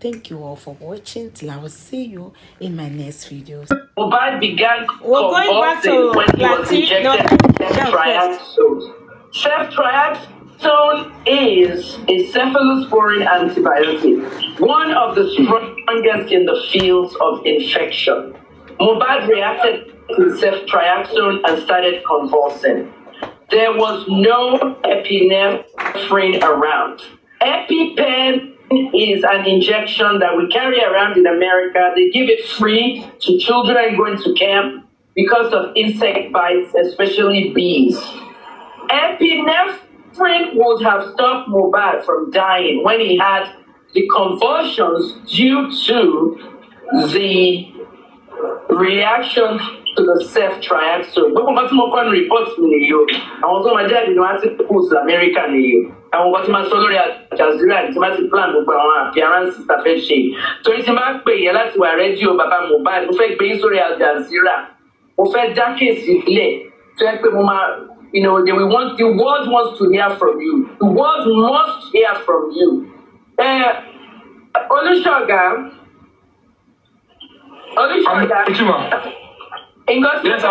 Thank you all for watching. Till I will see you in my next videos. Mohbad began We're going back to when he was injected no, ceftriaxone. triaxone is a cephalosporin antibiotic, one of the strongest in the fields of infection. Mohbad reacted to ceftriaxone and started convulsing. There was no epinephrine around. EpiPen is an injection that we carry around in America. They give it free to children going to camp because of insect bites, especially bees. Epinephrine would have stopped Mubarak from dying when he had the convulsions due to the reaction to the self-triaxone. Gbogbo nǹkan tí mo kọ́ reports mi nìyí o. Àwọn tó máa you ni wọ́n á ti American, sí àwọn ọkọ tí máa sọ lórí àjàzírà tí máa ti plan gbogbo àwọn appearance tá a fẹ́ ṣe torí tí máa pè yẹn láti wà rẹ́díò bàbá Mohbad mo fẹ́ gbé yín sórí àjàzírà mo fẹ́ dá kéèsì sílẹ̀ tó yẹ pé mo máa you know they want the world wants to hear from you the world must hear from you. olùṣọ́gà olùṣọ́gà nǹkan tí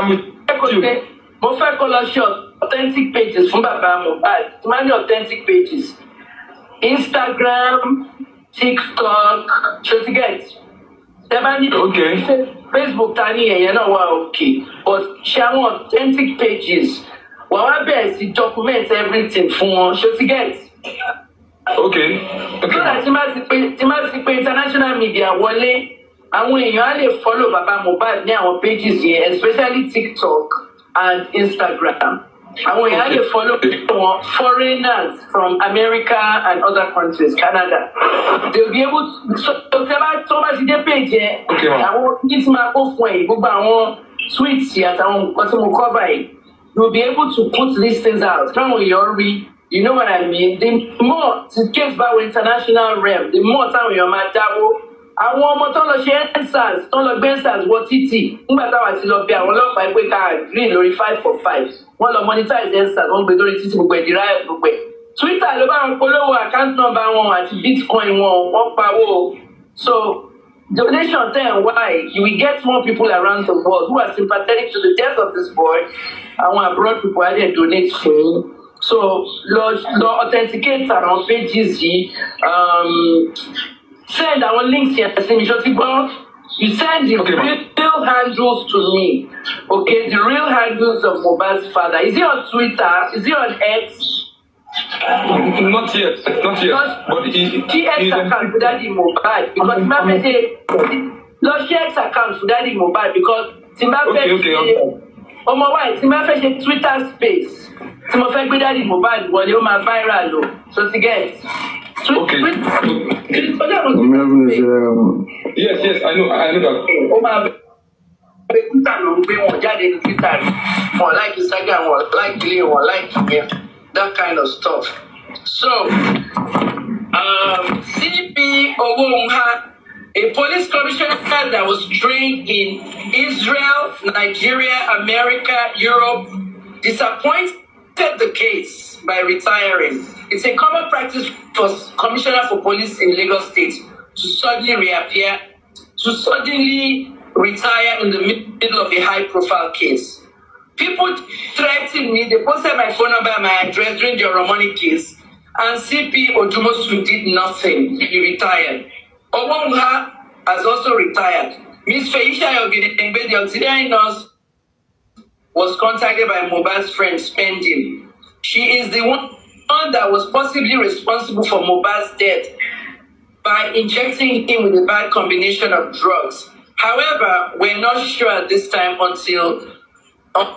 mo fẹ́ kó lọ ṣọ́ọ̀tù authentic pages fún bàbá Mohbad tí máa ní authentic pages Instagram TikTok ṣètìgẹ́t ṣe bá ní Facebook ta ní ẹ̀yẹ náà wà òkè but ṣe àwọn authentic pages wà wá bẹ̀rẹ̀ sí document everything fún wọn ṣètìgẹ́t. ok ok. kódà tí má ti pé international media wọlé àwọn èèyàn á lè follow bàbá Mohbad ní àwọn pages yẹn especially TikTok and Instagram àwọn èèyàn lè follow wọn foreigners from America and other countries Canada they will be able to tó bá ti dé péjẹ àwọn yìí ti máa kó fún ẹ gbogbo àwọn tweets àtàwọn nǹkan tí mo kọ́ báyìí you will be able to put these things out káwọn èèyàn rí you know what I mean the more ti cave báwo international rem the more táwọn èèyàn máa dáwó àwọn ọmọ tó lọ ṣe endsars tó lọ gbé endsars wọ títì nígbà táwa ti lọ bí àwọn ọlọ́pàá pé ká green lórí five for five wọ́n lọ monetize endsars wọ́n gbé lórí títí gbogbo ẹ̀ dira gbogbo ẹ̀ twitter ló bá ń polówó account number wọn àti bitcoin wọn wọ́n pawó so donation ten why you will get more people around the world who are sympathetic to the death of this boy àwọn abroad people á dẹ̀ donate fún yín so lọ lọ authenticate àwọn pages yìí um, send àwọn links yẹn sí mi ṣọtí gbọ́ you send the. Okay, real handles to me, okay, the real handles of Mohbad's father. Is he on Twitter? Is he on X? Not yet, not yet. but he, he X account for Daddy mobile because um, um, um, lọ ṣe X account for Daddy mobile because tí n Okay, okay, ṣe ọmọ wa tí n bá fẹ́ ṣe Twitter space tí mo fẹ́ gbé Daddy Mohbad wọlé ó máa viral o so ti get. Okay. Yes, yes, I know, I know that. pé títà ló ń gbé like instagram wọn like ilé wọn like yẹn that kind of stuff so um, cp owó a police commissioner that was trained in israel nigeria america europe disappointed the case by retiring. It's a common practice for commissioner for police in Lagos State to suddenly reappear, to suddenly retire in the middle of a high profile case. People threatened me, they posted my phone number and my address during the Romani case, and CP Ojumosu did nothing. He retired. Obonga has also retired. Miss Feisha Ogidengbe, the auxiliary nurse, was contacted by Mobile's friend, Spending. She is the one that was possibly responsible for Mobile's death by injecting him with a bad combination of drugs. However, we're not sure at this time until uh,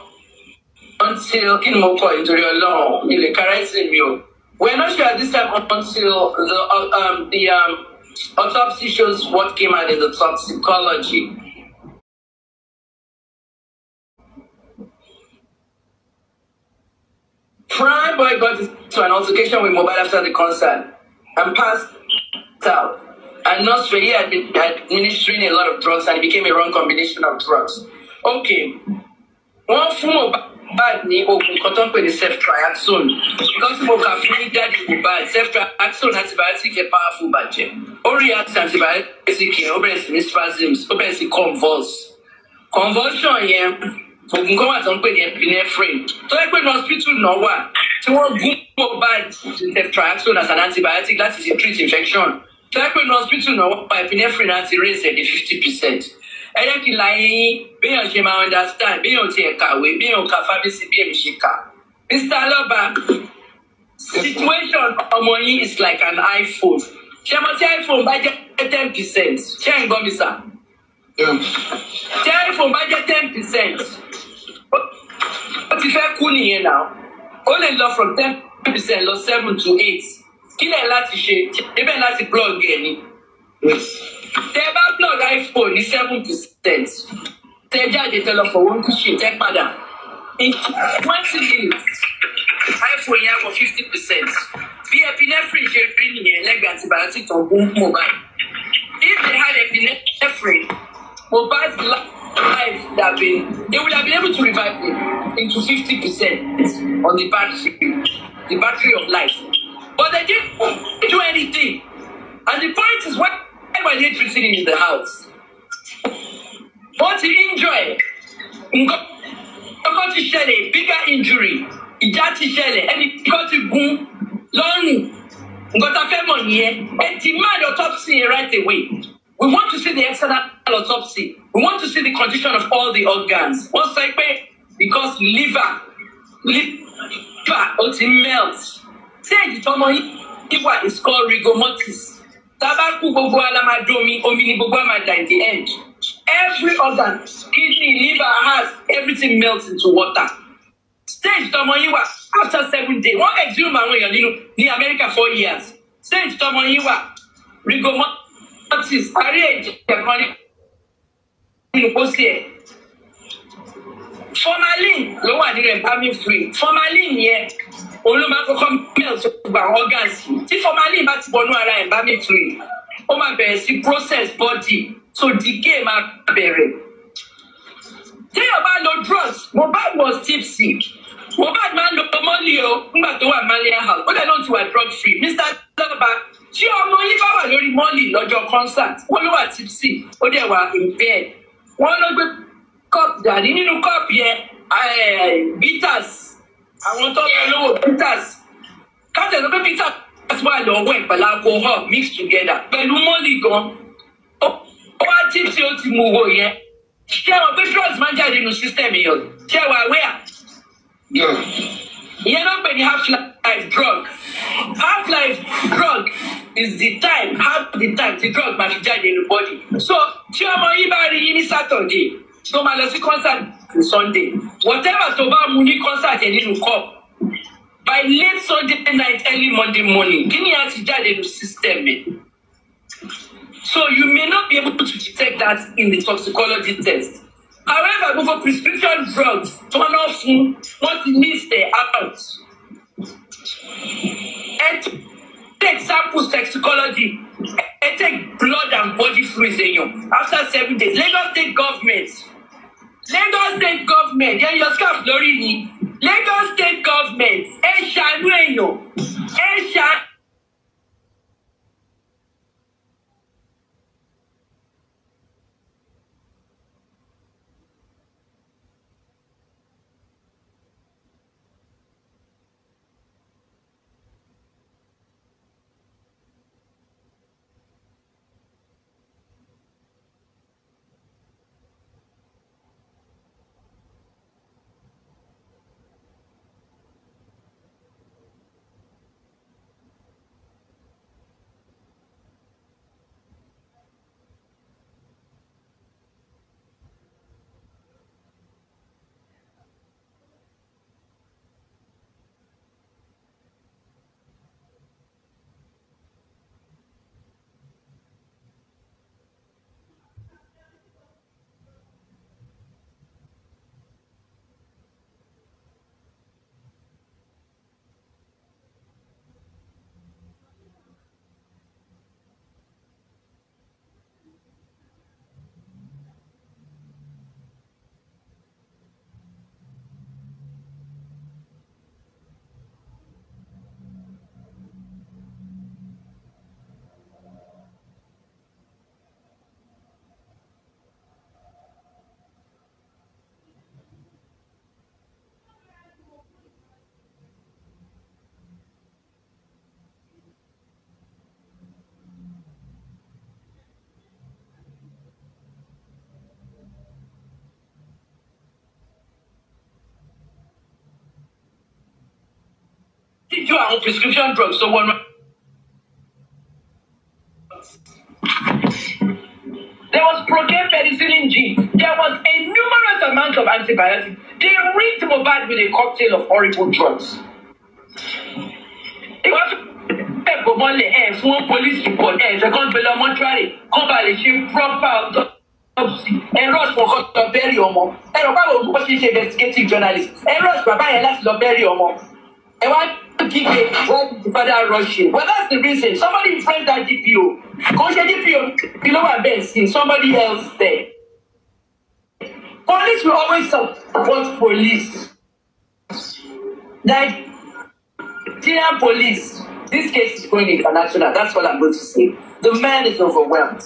until Kinmoko your Law in the Karaisimio. We're not sure at this time until the uh, um, the um, autopsy shows what came out in the toxicology. Prime boy got into an altercation with mobile after the concert and passed out. And not so he had been administering a lot of drugs and it became a wrong combination of drugs. Okay. Wọ́n fún Mohbad ní oògùn kan tó ń pè ní ceftriaxone because mo kà fún dáàdi Mohbad ceftriaxone antibiotic yẹn powerful bàjẹ́ ó react antibiotic yẹn ó bẹ̀rẹ̀ sí ní spasms ó bẹ̀rẹ̀ sí convulse convulsion yẹn oògùn kan wà tó ń pè ní epinephrine tó yẹ pé ní hospital náà wà tí wọ́n gún Mohbad ceftriaxone as an antibiotic láti fi treat infection tẹ́pẹ́ ní hospital náà wọ́n pa epinephrine láti raise ẹ̀ fifty percent ẹ jẹ́ kí n láyé yín béèyàn ṣe máa understand béèyàn ti ẹ̀ kàwé béèyàn ka pharmacy bí èmi ṣe kà Mr. Aloba situation ọmọ yín is like an iPhone ṣé mo ti iPhone bá jẹ́ ten percent ṣé ẹ̀ ń gbọ́ mi sà ṣé iPhone bá jẹ́ ten percent ó ti fẹ́ kú nìyẹn náà ó lè lọ from ten percent lọ seven to eight kílẹ̀ láti ṣe ibẹ̀ láti plug ẹ̀ ni. tẹ bá plug iphone ní seven percent tẹ jáde tẹ lọ fọwọ́ ń kíṣe tẹ padà twenty minutes iphone yẹn wọ fifty percent bí epinephrine ṣe rí nìyẹn lẹ́gbẹ̀ẹ́ antibiotic tó ń gún mọ̀ báyìí if they had epinephrine Mohbad's life would have been they would have been able to revive him into fifty percent on the battery the battery of life. But they didn't do anything. And the point is, why were they treating him in the house? What he injured, nǹkan ti ṣẹlẹ̀ bigger injury, ìjà ti ṣẹlẹ̀, and kan ti gun lọ́rùn. Nǹkan got a fẹ́ mọ̀ Demand Ẹ autopsy right away. We want to see the external autopsy. We want to see the condition of all the organs. What's sọ because liver liver it melts stage tọmọ yín ìwà is called rigomotis tábà kú gbogbo alamado omi omi ni gbogbo àmàdà at the end every organ kidney liver heart everything melts into water stage tọmọ yín after seven days wọ́n exhume àwọn èèyàn nínú ní America four years stage tọmọ yín rigomotis àárẹ̀ ẹ̀jẹ̀ kan nínú pósí ẹ̀ formalin ló wà ní embalming free. formalin yẹn òun ló máa kọ́kọ́ melt gba organs tí formalin bá ti wọnú ara embalming fluid ó máa bẹ̀rẹ̀ sí process body so decay máa bẹ̀rẹ̀ téèyàn bá lo drugs Mohbad was tipsy Mohbad máa ń lo mọ́lì o nígbà tó wà malaria house ó dẹ̀ ló ti wà drug free Mr. Lọ́ba tí ọmọ yín bá wà lórí mọ́lì lọ́jọ́ concert wọ́n ló wà tipsy ó dẹ̀ wà impaired wọ́n ló gbé cup gàrí nínú cup yẹn eh, bitters àwọn tó ń lówó bitters káṣẹ̀ sọ pé bitters wà lọ́wọ́ ẹ̀ pẹ̀lú alcohol mixed together pẹ̀lú mọ́lì gan ó wá chips tí ó ti mú owó yẹn ṣé àwọn patrons máa ń jáde nínú system yẹn ṣé wàá wẹ́à ìyẹn náà pè ní half life drug half life drug is the time half the time the drug máa fi jáde nínú body so tí ọmọ yìí bá rí yín ní Saturday tó máa lọ sí concert sunday whatever tó bá mu ní concert yẹn nínú cup by late sunday night early monday morning kí ni a ti jáde ní system mi so you may not be able to detect that in the toxicology test however gbogbo prescription drugs tó náà fún wọn ti miss their out take samples toxicology and take blood and body fluids in you after seven days. Lagos state government Lagos state government ẹ yọ scarf lórí mi Lagos state government ẹ ṣàánú èèyàn ẹ ṣàánú. jíjọ àwọn prescription drugs tó wọnú. There was procaine medicine in gin. There was a numerous amount of antibiotics. They rinsed Mohbad with a cocktail of horrible drugs. Ìwọ́n fi ẹ̀kọ́ mọ́lẹ̀ ẹ̀ fún police report ẹ̀ ṣe kán gbé lọ mọ́túárì kán lè ṣe proper autopsy ẹ̀ rush wọn kọ́ lọ bẹ́rì ọmọ. Ẹ̀rọ báwo ni ṣe ṣe investigative journalist? Ẹ̀ rush bàbá yẹn láti lọ bẹ́rì ọmọ. I ẹ wá dìde wọ́n ti padà Russian. well that's the reason somebody friend that GPO. kò ṣe DPO kí ló best in somebody else there police will always support police like Nigerian police this case is going international that's what I'm going to say the man is overwhelmed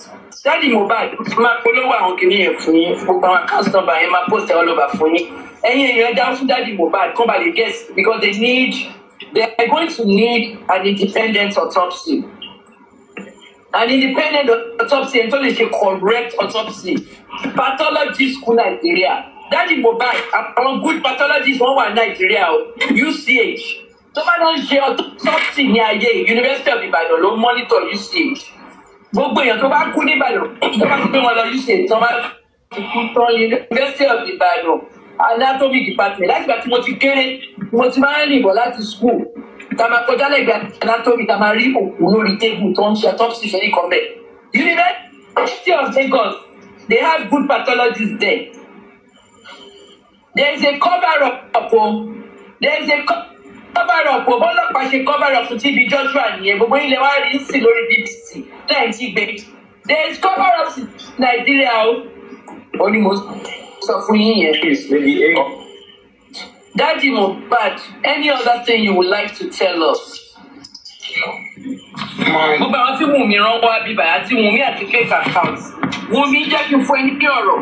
daddy mobile, my polówó àwọn kìnìyàn fún yín gbogbo àwọn account number yẹn máa post all over fún yín. Any èèyàn dá fún dáàdi Mohbad kán balẹ̀ guess because they need they are going to need an independent autopsy an independent autopsy ẹni tó lè correct autopsy pathologist kú Nàìjíríà dáàdi Mohbad àwọn good pathologist wọn wà Nigeria UCH oh, tó bá lọ ṣe autopsy ní ayé University of Ibadan ló monitor UCH gbogbo èèyàn tó bá kú ní Ìbàdàn tó bá kú pé wọn lọ UCH tó bá kú tán University of Ibadan anatomy department láti gbà tí mo ti kéré mo ti máa ń rìnbọ̀ láti school ta ma kọjá lẹ́gbẹ̀ẹ́ anatomy ta ma rí òkú lórí tébù tó ń ṣe autopsy fẹ́ nìkan bẹ́ẹ̀. University of Lagos they have good pathologists there. there is a cover up o there is a cover up o bọ́lọ́pàá ṣe cover up fún TB Joshua nìyẹn gbogbo ilẹ̀ wa rí sí lórí BBC náà ti gbé there is cover up in Nigeria o. ó ní mo sọ sọ fún yín yẹn. Daddy Mohbad, any other thing you would like to tell us? Gbogbo àwọn tí Wùmí rán wá bíbá àti Wùmí àti fake account. Wùmí jẹ́ kí n fún ẹni bí ọ̀rọ̀.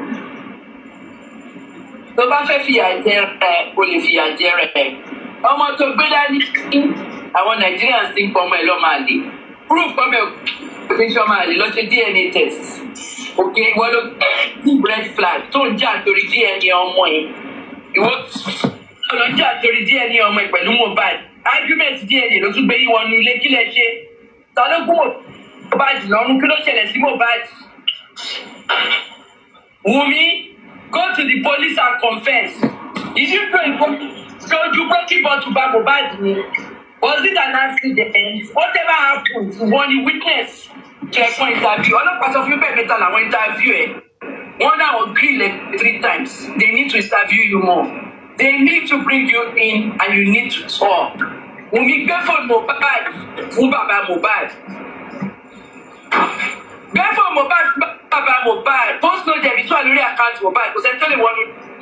Tó bá fẹ́ fìyà jẹ rẹ̀, o lè fìyà jẹ rẹ̀. Ọmọ tó gbé dání, àwọn Nigerians ti ń pọ̀ ọmọ ẹ̀ lọ́mọ àlè proof come here picture máa lè lọ ṣe DNA test ok ìwọ ló ní red flag tó ń jà torí DNA ọmọ yẹn ìwọ ló ń jà torí DNA ọmọ yẹn pẹ̀lú Mohbad argument DNA ló tún gbé yín wọnú ilé kí lẹ ṣe ta ló kú Mohbad lọ́rùn kí ló ṣẹlẹ̀ sí Mohbad Wùmí go to the police and confess ìdí pé ìfojú pé kí bọ́tù bá Mohbad ni. Was it an accident? Whatever happened, wọ́n ní witness. Kẹ̀kọ́ interview. Ọlọ́pàá sọ fún bẹ́ẹ̀ mẹ́ta làwọn interview ẹ̀. Wọ́n náà agree like three times. They need to interview you more. They need to bring you in and you need to talk. Wùmí gbé fóònù Mohbad fún bàbá Mohbad. Gbé fóònù Mohbad fún bàbá Mohbad. Post no debit wà lórí àkáǹtì Mohbad. Kò sẹ́ni tó lè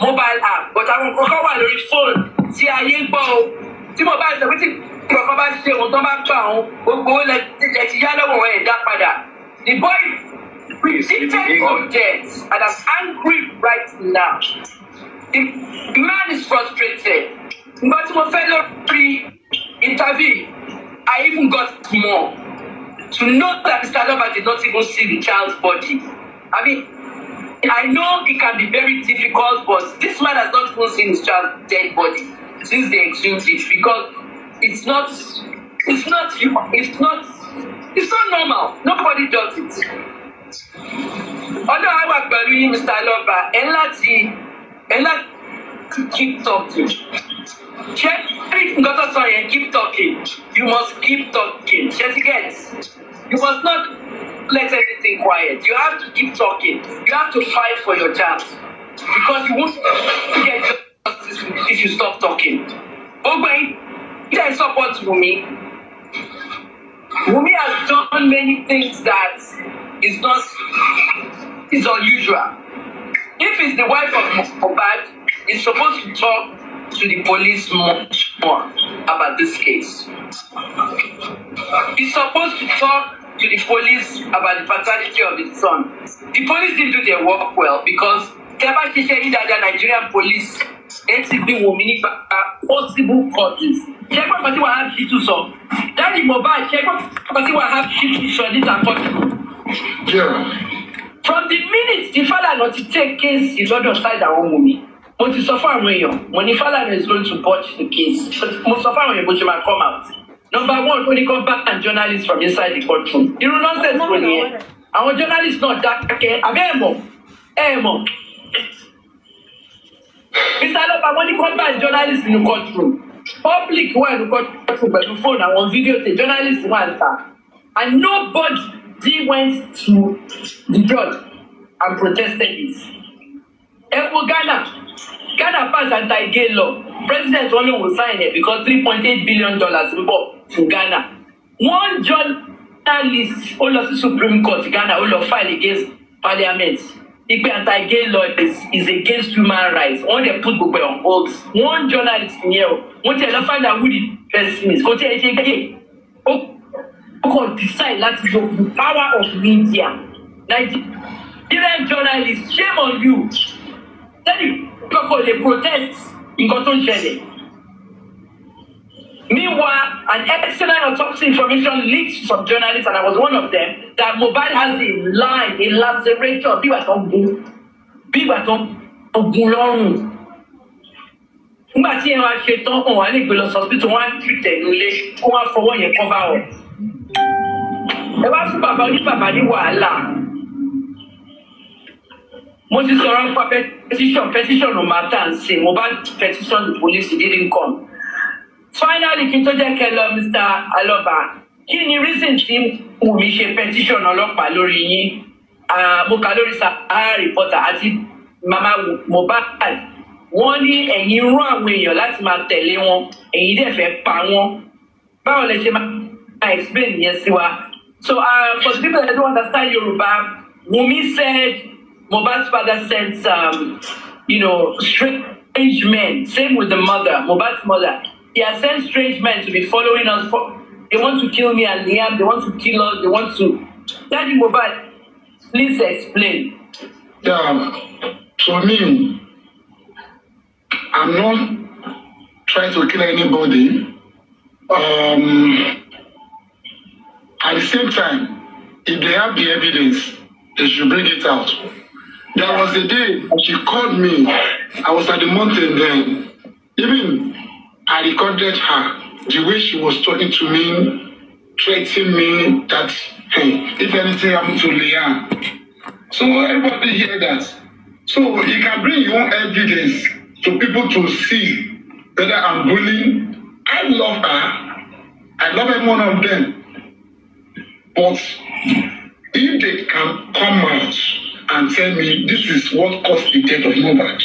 mobile app. But àwọn nǹkan kan wà lórí fóònù tí ayé gbọ́ o. Tí Mohbad sọ pé tí bàbá bá ṣe òun tó bá gbà òun gbogbo ó lẹ ti yá lọ́wọ́ ẹ̀ dá padà the boy repeated objects and is angry right now the, man is frustrated nígbà tí mo fẹ́ lórí interview I even got more to know that Mr. Lover did not even see the child's body I mean I know it can be very difficult, but this man has not even seen his child's dead body since the exhumed it because It's not. It's not. It's not. It's not normal. Nobody does it. Ọlọ́run á wà pẹ̀lú yín, Mr. Lọ́ba. Ẹ láti ẹ láti keep talking. Ṣé nǹkan tó sọ yẹn keep talking? You must keep talking. Ṣé ti get? You must not let anything quiet. You have to keep talking. You have to fight for your chance. Because you won't get justice if you stop talking. Ó gbẹ̀yìn tẹ́ support Wumi. Wumi has done many things that is not is unusual. If it's the wife of Mohbad, he's supposed to talk to the police much more about this case. He's supposed to talk to the police about the fatality of his son. The police didn't do their work well because tẹ́ bá ṣiṣẹ́ yí Nigerian police ẹ ti gbé nípa possible causes ṣẹgbọn kan tí wàhálà ṣì tún sọ dáàdi Mohbad ṣẹgbọn kan tí wàhálà ṣì tún sọ níta kọtù. from the minute the father lọ ti take case lọ́dọ̀ side àwọn ohun mi mo ti sọ fún àwọn èèyàn mo ní father is going to watch the case mo sọ fún àwọn èèyàn bó ṣe máa come out number one ó ní come back and journalists from inside the courtroom irú nonsense wo nìyẹn àwọn journalists náà dákẹ́ abẹ́ ẹ̀ mọ̀ ẹ̀ mọ̀ Mr. Lọ́ba wọ́n ní compound journalist ní courtroom public wà ní courtroom pẹ̀lú fóònù àwọn fídíò tẹ journalist wà ń ta and nobody went to the judge and protested it. Ẹ wo Ghana Ghana pass anti-gay law president wọn ló wò sign it because three point eight billion dollars ń bọ̀ fún Ghana. One journalist ó lọ sí Supreme Court Ghana ó lọ file against parliament ipe anti-gay law is, is against human rights wọ́n dẹ̀ put gbogbo on hold one journalist yẹn o wọ́n tiẹ̀ lọ find out who the person is kò tiẹ̀ ṣe gay ó kàn decide láti lo the power of media Nigerian journalist shame on you Tell sẹ́ni kọ́kọ́ lè protest nǹkan tó ń ṣẹlẹ̀. Meanwhile, an excellent autopsy information leaked to some journalists, and I was one of them, that mobile has a line, a laceration, bí ìgbà tó ń gun, bí ìgbà tó ń gun lọ́rùn. Nígbà tí ẹ wá ṣe tán, wọn wà lè gbé lọ sọ́sìbítù, wọn á tù tẹ̀lé ilé, wọn á fọwọ́ yẹn kọ́ bá wọn. Ẹ wá fún bàbá oníbàbá ní wàhálà. Mo ti sọ̀rọ̀ nípa petition, petition ò máa tà ń sè, Mohbad petition the police didn't come finally kí n tó jẹ́ kẹ́ lọ Mr. Aloba kí ni reason tí Wùmí ṣe petition ọlọ́pàá lórí yín mo kà lórí Sahara Reporter àti mama Mohbad wọ́n ní ẹ̀yin rán àwọn èèyàn láti máa tẹ̀lé wọn ẹ̀yin dẹ̀ fẹ́ pa wọn báwo lẹ ṣe máa explain yẹn sí wa so uh, for the people that don't understand Yoruba, Wùmí said Mohbad's father sent um, you know strange men same with the mother Mohbad's mother. He has sent strange men to be following us. For, they want to kill me and Liam. They want to kill us. They want to. Daddy mobile, please explain. Yeah, for me, I'm not trying to kill anybody. Um, at the same time, if they have the evidence, they should bring it out. There was a day she called me. I was at the mountain then. Even I recorded her, the way she was talking to me, treating me that, hey, if anything happened to Leah. So everybody hear that. So you can bring your own evidence to people to see whether I'm bullying. I love her. I love every one of them. But if they can come out and tell me this is what caused the death of Mohbad,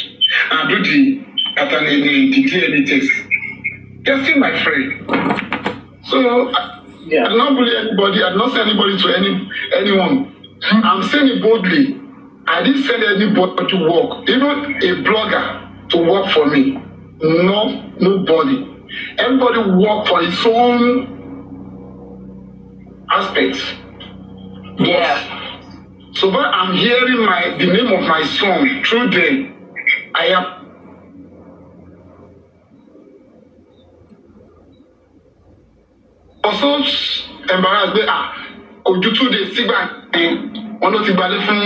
and do the, eh, the, the DNA test, You my friend. So yeah. I do not bully anybody. I do not send anybody to any anyone. I'm saying it boldly. I didn't send anybody to work, even a blogger to work for me. No, nobody. Everybody work for his own aspects. Yeah. So, but I'm hearing my the name of my song through them. I am also embarrass pé ah kò ju two days sígbà yẹn wọn ló ti gbalé fún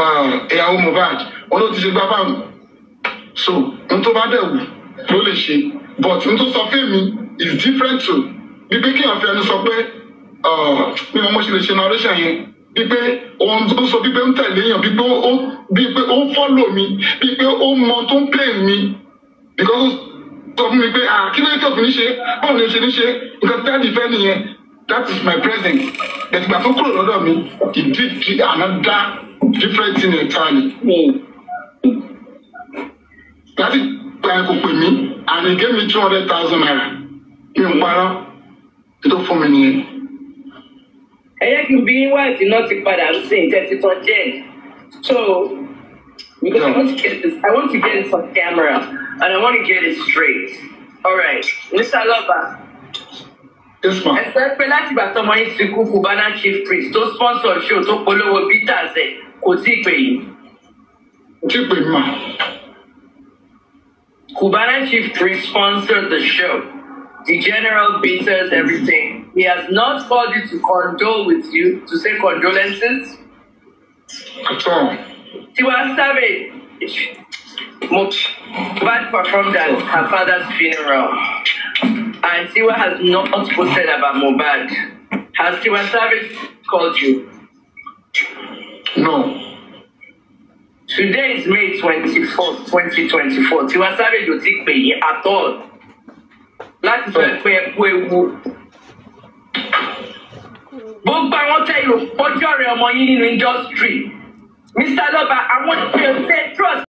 eh, ìyàwó Mohbad wọn ló ti ṣe gbábà so n tó bá dẹ̀ wù ló lè ṣe but n tó sọ fún mi is different to bíbí kí èèyàn fi ẹnu sọ pé eh, bí mo ṣe lè ṣe narration yẹn bípé ohun tó sọ bípé ń tẹ̀lé èèyàn bípé ó bípé ó ń fọ́lò mi bípé ó mọ tó ń pè mí because sọ mi pé ah kí ló ń tọ́pù ní ṣe bọ́ọ̀ ni ṣe ní ṣe nǹkan tá a ti nìyẹn that is my present ẹ̀sìgbà tó kúrò lọ́dọ̀ mi he did the another different thing entirely. láti gba ẹ̀kọ́ pè mí and he gave me two hundred thousand naira mi ò parọ́ tó fún mi nìyẹn. ẹ yẹ kí n bí wáìtì náà ti padà sí ìtẹ́títọ́ jẹ́ so. Because I want to get this, I want to get this on camera, and I want to get it straight. All right, Mr. Lover. This one. Ẹ̀sẹ̀ pé láti ìgbà tọmọ yín ti kú Cubana chief priest tó sponsor show tó polówó bitters ẹ̀ kò tí ì pè yín. Tí pè chief priest sponsored the show, the general bitters everything. He has not called you to condole with you to say condolences. At all. She was savage. bad performed at her father's funeral, and Siwa has not posted about Mubad. Has Siwa Savage called you? No. Today is May 24th, 2024. Tiwa Savage ò ti pè at all. Láti fẹ́ pé we kú ewu. Gbogbo àwọn tẹ̀yìn ojú ọ̀rẹ́ money in nínú indọ́sítírì. Mr. Lover, I want you to say, trust.